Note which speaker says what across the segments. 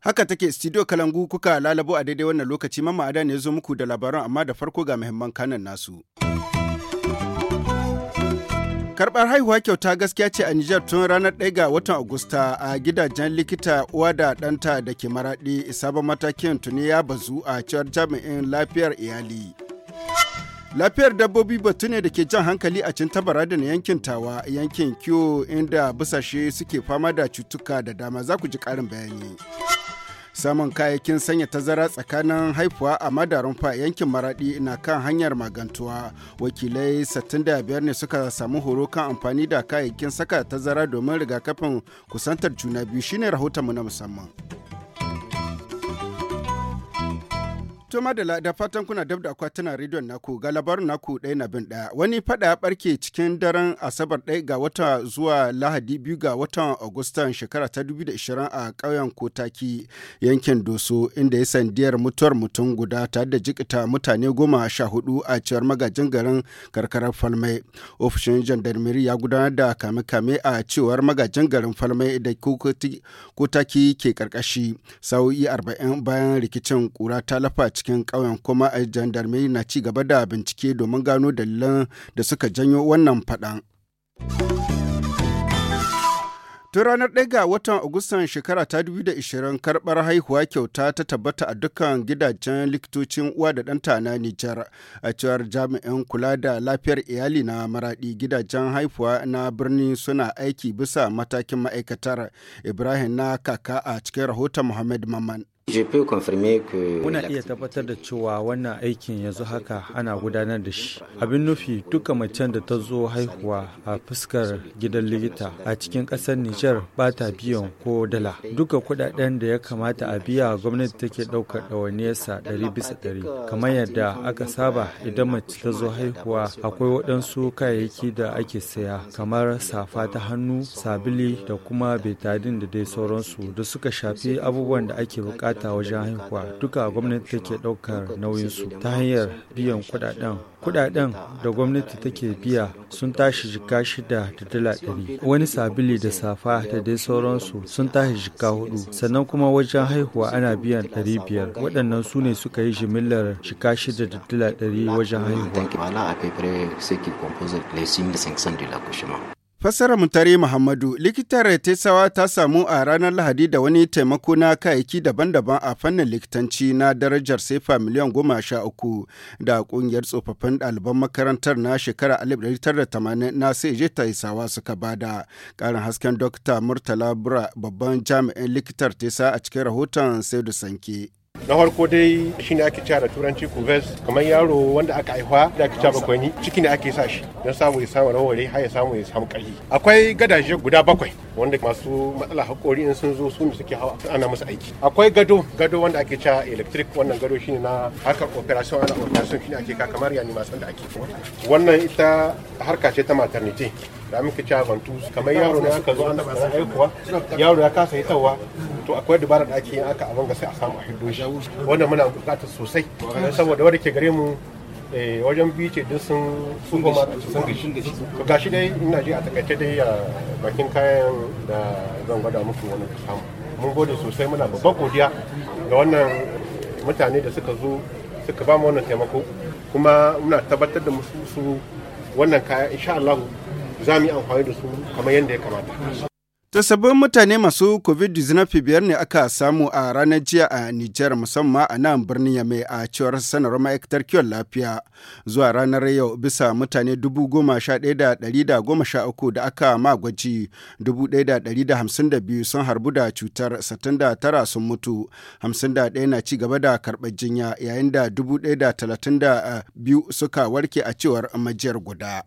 Speaker 1: Haka take studio Kalangu kuka lalabo a daidai wannan lokaci mamma ada ne ya zo muku da labaran amma da farko ga muhimman kanan nasu. karbar haihuwa kyauta gaskiya ce a Nijar tun ranar 1 ga watan Agusta a gidajen likita uwa da ɗanta da ke maraɗi sabon matakin tuni ya bazu a cewar jami'in lafiyar iyali. Lafiyar dabbobi batu ne da ke jan hankali a cintabara na yankin tawa yankin kiwo inda busashe suke fama da cutuka da dama za ku ji karin bayani. samun kayayyakin sanya tazara tsakanin haifuwa a fa yankin maradi na kan hanyar magantuwa wakilai 65 ne suka samu horo kan amfani da kayayyakin saka tazara domin rigakafin kusantar juna biyu shine rahoton mu na musamman To madala da fatan kuna dab da akwatuna rediyon naku ga labarin naku ɗaya na bin ɗaya. Wani faɗa ya ɓarke cikin daren Asabar ɗaya ga wata zuwa Lahadi biyu ga watan Agustan shekara ta 2020 a ƙauyen Kotaki yankin Doso inda ya sandiyar mutuwar mutum guda ta da jikita mutane goma sha hudu a cewar magajin garin karkarar Falmai. Ofishin jandarmeri ya gudanar da kame-kame a cewar magajin garin Falmai da Kotaki ke karkashi sa'o'i arba'in bayan rikicin kura ta lafa cikin ƙauyen kuma a jandarme na ci gaba da bincike domin gano dalilan da suka janyo wannan faɗan. Tun ranar ɗaya ga watan Agustan shekara ta 2020 karɓar haihuwa kyauta ta tabbata a dukkan gidajen likitocin uwa da ɗanta na Nijar a cewar jami'in kula da lafiyar iyali na maraɗi gidajen haihuwa na birni suna aiki bisa matakin ma'aikatar Ibrahim na kaka a cikin rahoton Muhammad Maman.
Speaker 2: Muna iya tabbatar da cewa wannan aikin yanzu haka ana gudanar da shi. Abin nufi duka macen da ta zo haihuwa a fuskar gidan likita a cikin ƙasar Nijar ba ta biyan ko dala. Duka kudaden da ya kamata a biya gwamnati take ɗaukar ɗawainiyarsa ɗari bisa ɗari. Euh, kamar yadda aka saba idan mace ta zo haihuwa akwai waɗansu kayayyaki da ake saya kamar safa ta hannu, sabili da kuma euh, betadin da dai sauransu da suka shafi abubuwan da ake bukata mata wajen haihuwa duka gwamnati take ɗaukar nauyinsu ta hanyar biyan kudaden. kudaden da gwamnati take biya sun tashi jika shida da dala ɗari wani sabili da safa da dai sauransu sun tashi jika hudu sannan kuma wajen haihuwa ana biyan ɗari biyar waɗannan su ne suka yi jimillar jika shida da dala ɗari wajen haihuwa
Speaker 1: Fassarar Mutare Muhammadu likitar Tesawa ta samu a ranar Lahadi da wani taimako na kayayyaki daban-daban a fannin likitanci na darajar sefa miliyan goma sha uku da kungiyar tsofaffin ɗaliban makarantar na shekara 1980 na CJ Tesawa suka bada. Karin hasken Dokta Murtala Bura babban jami'in likitar Tesa a cikin rahoton Saidu Sanke.
Speaker 3: na farko dai shi ne ake cewa da turanci kuves kamar yaro wanda aka haifa da ake cewa bakwai ciki ne ake sa shi don samu ya samu rawari har ya samu ya samu ƙarfi akwai gadaje guda bakwai wanda masu matsala hakori in sun zo su ne suke hawa ana musu aiki akwai gado gado wanda ake cewa electric wannan gado shine na harkar operation ana operation shine ake ka kamar yani masu da ake wannan ita harka ce ta maternity da muke ci bantu kamar yaro ne aka zo ana masa aikuwa yaro ya kasa hitarwa to akwai dubara da ake yin aka abin ga sai a samu a hiddo shi wannan muna bukatar sosai saboda wanda ke gare mu Eh, wajen bice ce duk sun goma sun gashi gashi dai ina ji a takaice dai a bakin kayan da zan gwada muku wani samu mun gode sosai muna babban godiya ga wannan mutane da suka zo suka ba mu wannan taimako kuma muna tabbatar da musu wannan kaya insha Allah za mu yi amfani da su kamar yadda ya kamata Ta sabbin
Speaker 1: mutane masu COVID-19 ne aka samu a ranar jiya a Nijar musamman a nan birnin Yame a cewar sanar ma'aikatar kiwon lafiya zuwa ranar yau bisa mutane 11,113 da aka magwaji 1,152 sun harbu da cutar 69 sun mutu 51 na cigaba da karɓar jinya yayin da 1,032 eh, suka warke a cewar majiyar guda.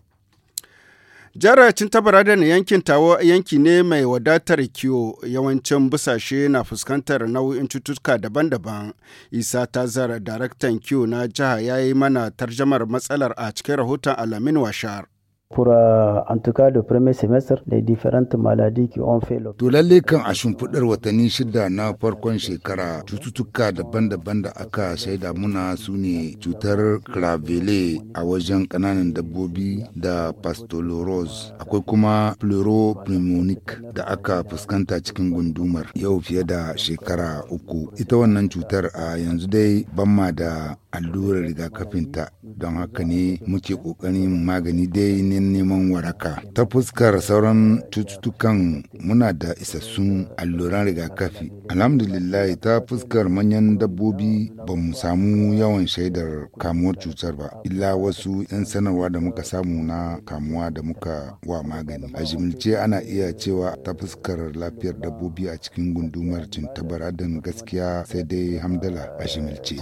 Speaker 1: Jaracin tabarada na yankin tawo yanki ne mai wadatar kiwo yawancin busashe na fuskantar nau'in cututtuka daban-daban. Isa Tazara daraktan kiwo na jiha ya yi mana tarjamar matsalar a cikin rahoton Alamin Washar. pour euh, en tout cas le premier semestre les différentes maladies qui ont fait le
Speaker 4: to lalle kan a shimfidar watanni shida na farkon shekara cututtuka daban-daban da aka shaida muna su ne cutar cravele a wajen kananan dabbobi da pastolorose akwai kuma pleuropneumonic da aka fuskanta cikin gundumar yau fiye da shekara uku ita wannan cutar a yanzu dai ban ma da allurar rigakafinta don haka ne muke ƙoƙarin magani dai ne neman waraka ta fuskar sauran cututtukan muna da isassun alluran rigakafi alhamdulillah ta fuskar manyan dabbobi ba mu samu yawan shaidar kamuwar cutar ba illa wasu 'yan sanarwa da muka samu na kamuwa da muka wa magani a jimilce ana iya cewa ta fuskar lafiyar dabbobi a cikin gundumar tabaradin gaskiya sai dai hamdala a jimilce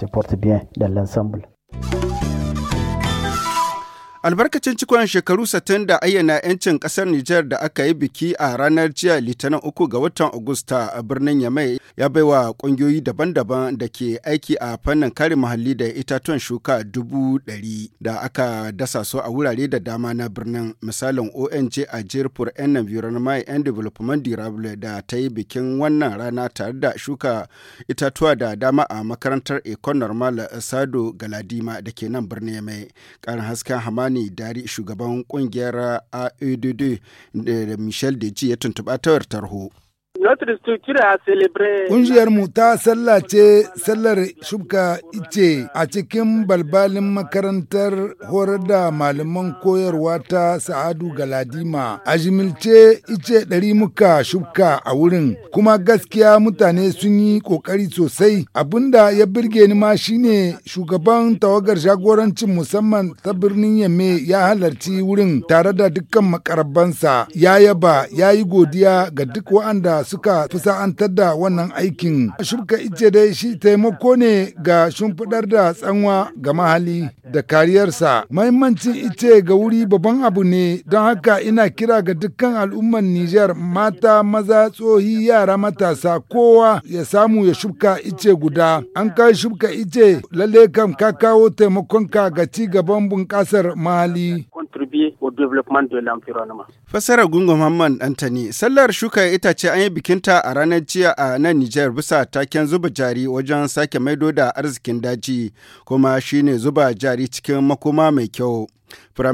Speaker 4: ensemble. Albarkacin
Speaker 1: cikon shekaru 60 da ayyana 'yancin kasar Nijar da aka yi biki a ranar jiya Litinin uku ga watan Agusta a birnin Yamai ya baiwa ƙungiyoyi daban-daban da ke aiki a fannin kare muhalli da itatuwan shuka dubu ɗari da aka dasa su a wurare da dama na birnin misalin ONG a jirpur en Environment and Development Durable da ta yi bikin wannan rana tare da shuka itatuwa da dama a makarantar Econ Normal Sado Galadima da ke nan birnin Yamai. Ƙarin hasken Hamani Hamani Dari shugaban kungiyar AEDD da Michel Deji ya tuntuɓa tawar tarho. mu
Speaker 4: ta sallace sallar shuka ice a cikin balbalin makarantar horar da malaman koyarwa ta Sa'adu Galadima. A jimilce ice ɗari muka shubka a wurin, kuma gaskiya mutane sun yi ƙoƙari sosai. Abinda ya birge ni ma shine shugaban tawagar jagorancin musamman ta birnin Yamme ya halarci wurin tare da dukkan makarabansa ya yaba ya yi godiya ga duk waɗanda suka fusa'antar da wannan aikin. Shirka ice dai shi taimako ne ga shimfiɗar da tsanwa ga mahali da kariyarsa. Mahimmancin ice ga wuri babban abu ne don haka ina kira ga dukkan al'ummar Nijar mata maza tsohi yara matasa kowa ya samu ya shuka ice guda. An kai shuka ice lalle kam ka kawo taimakonka ga ci gaban bunƙasar mahali.
Speaker 1: Development de l'Environnement. Fassarar Gungun Muhammad Antani, sallar shuka itace an yi bikinta a ranar jiya a nan Nijar bisa taken zuba jari wajen sake maido da arzikin daji kuma shine zuba jari cikin makoma mai kyau.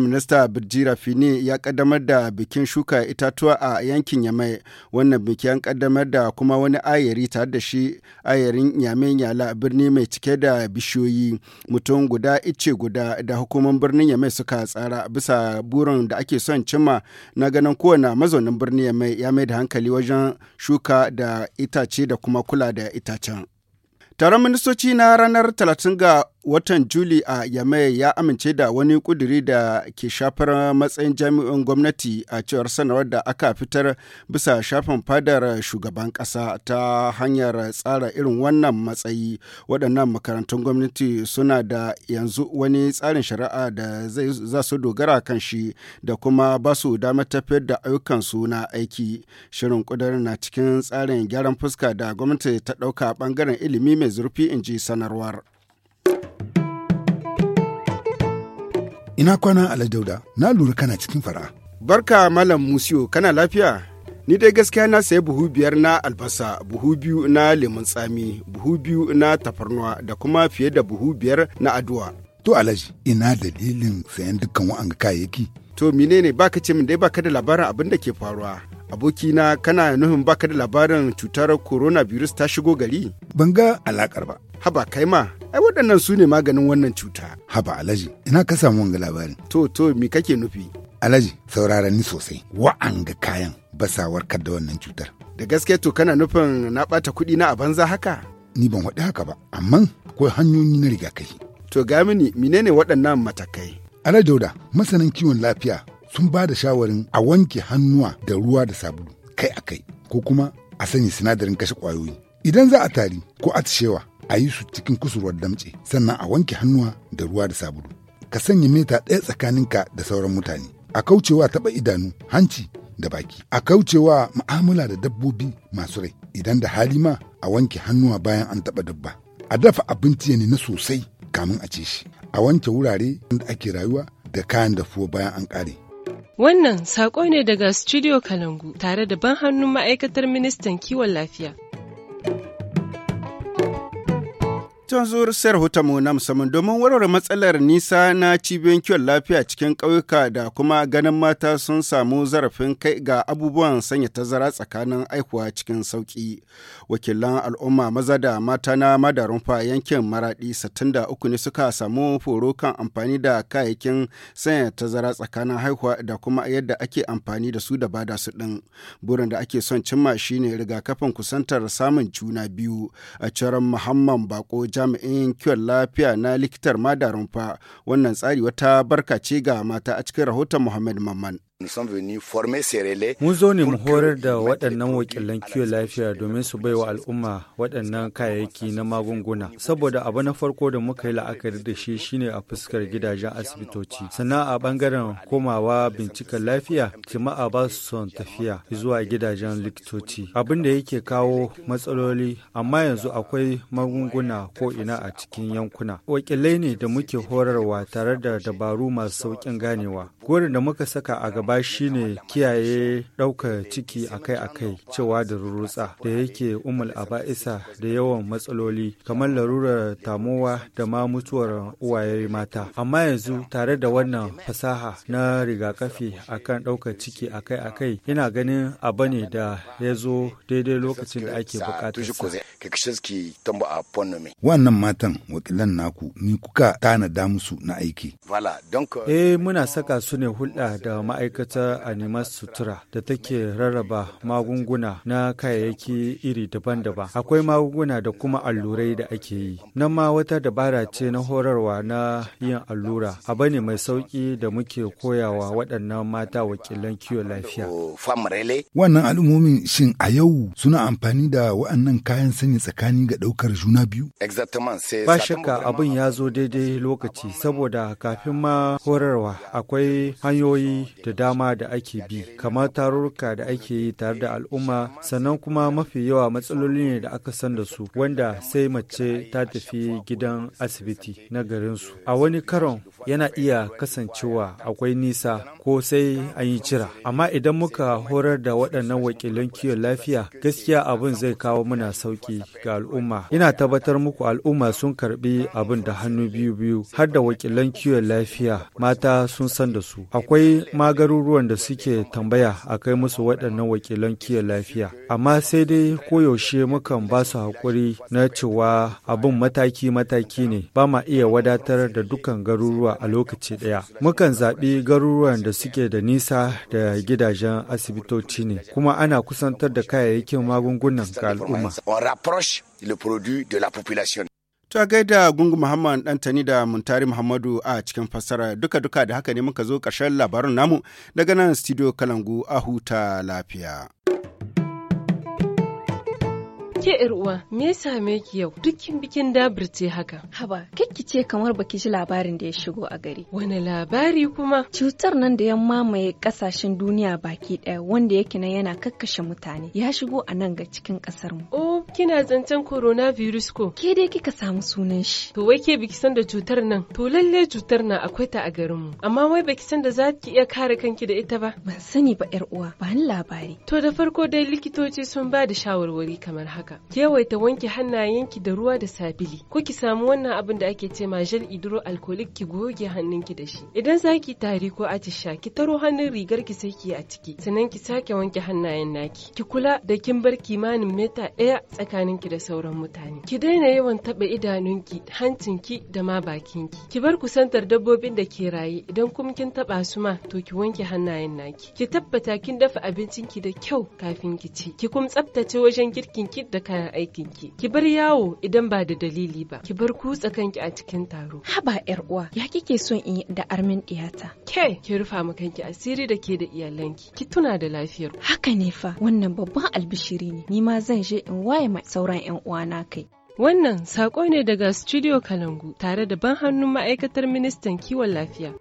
Speaker 1: minister Birji Rafini ya kaddamar da bikin shuka itatuwa a yankin Yamai. Wannan biki an kaddamar da kuma wani ayari tare da shi ayarin Yamai Yala birni mai cike da bishiyoyi. Mutum guda ice guda da hukumar birnin Yamai suka tsara bisa burin da ake son cimma na ganin kowane mazaunin birni ya mai da hankali wajen shuka da itace da kuma kula da itacen. Taron ministoci na ranar 30 ga watan Juli a Yamai ya amince da wani kuduri da ke shafar matsayin jami'in gwamnati a cewar sanarwar da aka fitar bisa shafin fadar shugaban ƙasa ta hanyar tsara irin wannan matsayi. Waɗannan makarantun gwamnati suna da yanzu wani tsarin shari'a da za su dogara kan shi da kuma ba su damar tafiyar da ayyukansu na aiki. Shirin kudurin na cikin tsarin gyaran fuska da gwamnati ta ɗauka ɓangaren ilimi mai zurfi in ji sanarwar.
Speaker 4: Ina kwana Alhaji Dauda, na lura kana cikin fara.
Speaker 1: Barka Malam Musiyo, kana lafiya? Ni dai gaskiya na sayi buhu biyar na albasa, buhu biyu na lemun tsami, buhu biyu na tafarnuwa da kuma fiye da buhu biyar na aduwa.
Speaker 4: To Alhaji, ina dalilin sayan dukkan wa'anga kayayyaki.
Speaker 1: To menene baka ce min dai baka da labarin abin da ke faruwa? abokina kana nufin baka da labarin cutar coronavirus ta shigo gari? Ban ga alakar ba. Haba kai ma ai
Speaker 4: waɗannan su ne maganin wannan cuta haba alhaji ina ka samu wanga labarin
Speaker 1: to to mi kake nufi
Speaker 4: alhaji saurara ni sosai wa'anga kayan basawar da wannan cutar da
Speaker 1: gaske to kana nufin na ɓata kuɗi na a banza haka
Speaker 4: ni ban waɗi haka ba amma akwai hanyoyi na rigakafi
Speaker 1: to ga mini menene waɗannan matakai
Speaker 4: alhaji dauda masanin kiwon lafiya sun ba da shawarin a wanke hannuwa da ruwa da sabulu kai a kai ko kuma a sanya sinadarin kashe ƙwayoyi idan za a tari ko atishewa a yi su cikin kusurwar damce sannan a wanke hannuwa da ruwa da sabulu ka sanya mita ɗaya tsakaninka da sauran mutane a kaucewa taɓa idanu hanci da baki a kaucewa mu'amala da dabbobi masu rai idan da hali ma a wanke hannuwa bayan an taɓa dabba a dafa abinci ya na sosai kamin a ce shi a wanke wurare da ake rayuwa da kayan dafuwa bayan an
Speaker 5: ƙare Wannan saƙo ne daga Studio Kalangu tare da ban hannun ma'aikatar ministan kiwon lafiya.
Speaker 1: Tun zuwar sayar mu na musamman domin warware matsalar nisa na cibiyoyin kiwon lafiya cikin ƙauyuka da kuma ganin mata sun samu zarafin kai ga abubuwan sanya tazara tsakanin aikuwa cikin sauƙi. wakilan al'umma maza da mata na rumfa yankin maradi 63 ne suka samu horo kan amfani da kayayyakin sanya tazara tsakanin haihuwa da kuma yadda ake amfani da su da bada su ɗin burin da ake son cimma shine rigakafin kusantar samun juna biyu a cikin muhammad bako jami'in kiwon lafiya na likitar rumfa wannan tsari wata barka ce ga mata a cikin rahoton muhammad mamman Mun zo ne mu horar da waɗannan wakilan
Speaker 2: kiwon lafiya domin su baiwa al'umma waɗannan kayayyaki na magunguna. Saboda abu na farko da muka yi la'akari da shi shine a fuskar gidajen asibitoci. Sannan a ɓangaren komawa binciken lafiya, jama'a ba su son tafiya zuwa gidajen likitoci. Abin da yake kawo matsaloli, amma yanzu akwai magunguna ko ina a cikin yankuna. Wakilai ne da muke horarwa tare da dabaru masu sauƙin ganewa. Gurin da muka saka a gaba gaba shine kiyaye ɗaukar ciki akai-akai cewa da rurutsa da yake umul aba'isa da yawan matsaloli kamar larurar tamowa da ma mutuwar uwaye mata. Amma yanzu tare da wannan fasaha na rigakafi akan ɗaukar ciki akai-akai yana ganin abu ne da ya zo daidai lokacin da ake
Speaker 1: bukatarsa.
Speaker 4: Wannan matan wakilan naku ni kuka musu na aiki.
Speaker 2: Eh muna saka su ne hulɗa da ma'aikata ma'aikata animas sutura da take rarraba magunguna na kayayyaki iri daban-daban akwai magunguna da kuma allurai da ake yi nan ma wata dabara ce na horarwa na yin allura abu ne mai sauki da muke koyawa waɗannan mata wakilan kiwon lafiya wannan
Speaker 4: al'ummomin shin a yau suna amfani da waɗannan kayan sani tsakani ga ɗaukar juna biyu
Speaker 2: ba shakka abin ya zo daidai lokaci saboda kafin ma horarwa akwai hanyoyi da dama da ake bi kamar tarurruka da ake yi tare da al'umma sannan kuma mafi yawa matsaloli ne da aka san da su wanda sai mace ta tafi gidan asibiti na garinsu a wani karon yana iya kasancewa akwai nisa ko sai an yi cira amma idan muka horar da waɗannan wakilan kiwon lafiya gaskiya abin zai kawo muna sauki ga al'umma ina tabbatar muku al'umma sun karbi abin da hannu biyu biyu har da wakilan kiwon lafiya mata sun san da su akwai magaru garuruwan da suke tambaya a kai musu waɗannan wakilan kiyon lafiya. Amma sai dai koyaushe mukan ba su haƙuri na cewa abin mataki-mataki ne ba ma iya wadatar da dukkan garuruwa a lokaci ɗaya. Mukan zaɓi garuruwan da suke da nisa da gidajen asibitoci ne, kuma ana kusantar da kayayyakin
Speaker 1: magungunan ga al'umma. Ta gaida gungu Muhammad Dantani da Muntari Muhammadu a cikin fassara duka-duka da haka ne muka zo ƙarshen labarin namu daga nan studio Kalangu a huta lafiya.
Speaker 5: Ke uwa me ya same ki yau dukkin bikin ce haka? Haba, kakki ce kamar baki ji labarin da ya shigo a gari. Wani labari kuma? Cutar nan da ya mamaye kasashen duniya baki ɗaya wanda yake nan yana kakkashe mutane ya shigo a nan ga cikin ƙasarmu. mu. Kina zancen virus ko? Ke dai kika samu sunan shi. To wai ke biki san da cutar nan? To lalle cutar nan akwai ta a garin mu Amma wai baki san da za ki iya kare kanki da ita ba? Ban sani ba yar uwa, ba ni labari. To da farko dai likitoci sun ba da shawarwari kamar haka. Ki yawaita wanke hannayenki da ruwa da sabili. Ko ki samu wannan abin da ake ce ma gel hydroalcoholic ki goge hannunki da shi. Idan zaki ki tari ko atisha, ki taro hannun rigar ki sai ki yi a ciki. Sannan ki sake wanke hannayen naki. Ki kula da kin bar kimanin mita ɗaya tsakaninki da sauran mutane ki daina yawan taɓa idanunki hancinki da ma bakinki ki bar kusantar dabbobin da ke raye idan kuma kin taɓa su ma to ki wanke hannayen naki ki tabbata kin dafa abincinki da kyau kafin ki ci ki kuma tsaftace wajen girkinki da kayan aikinki ki bar yawo idan ba da dalili ba ki bar kutsa kanki a cikin taro haba yar uwa ya kike son in da armin diyata ke ki rufa mu kanki asiri da ke da iyalanki ki tuna da lafiyar haka ne fa wannan babban albishiri ne ni ma zan je in waye yi sauran 'yan uwana kai. Wannan saƙo ne daga Studio Kalangu tare da ban hannun ma'aikatar ministan kiwon lafiya.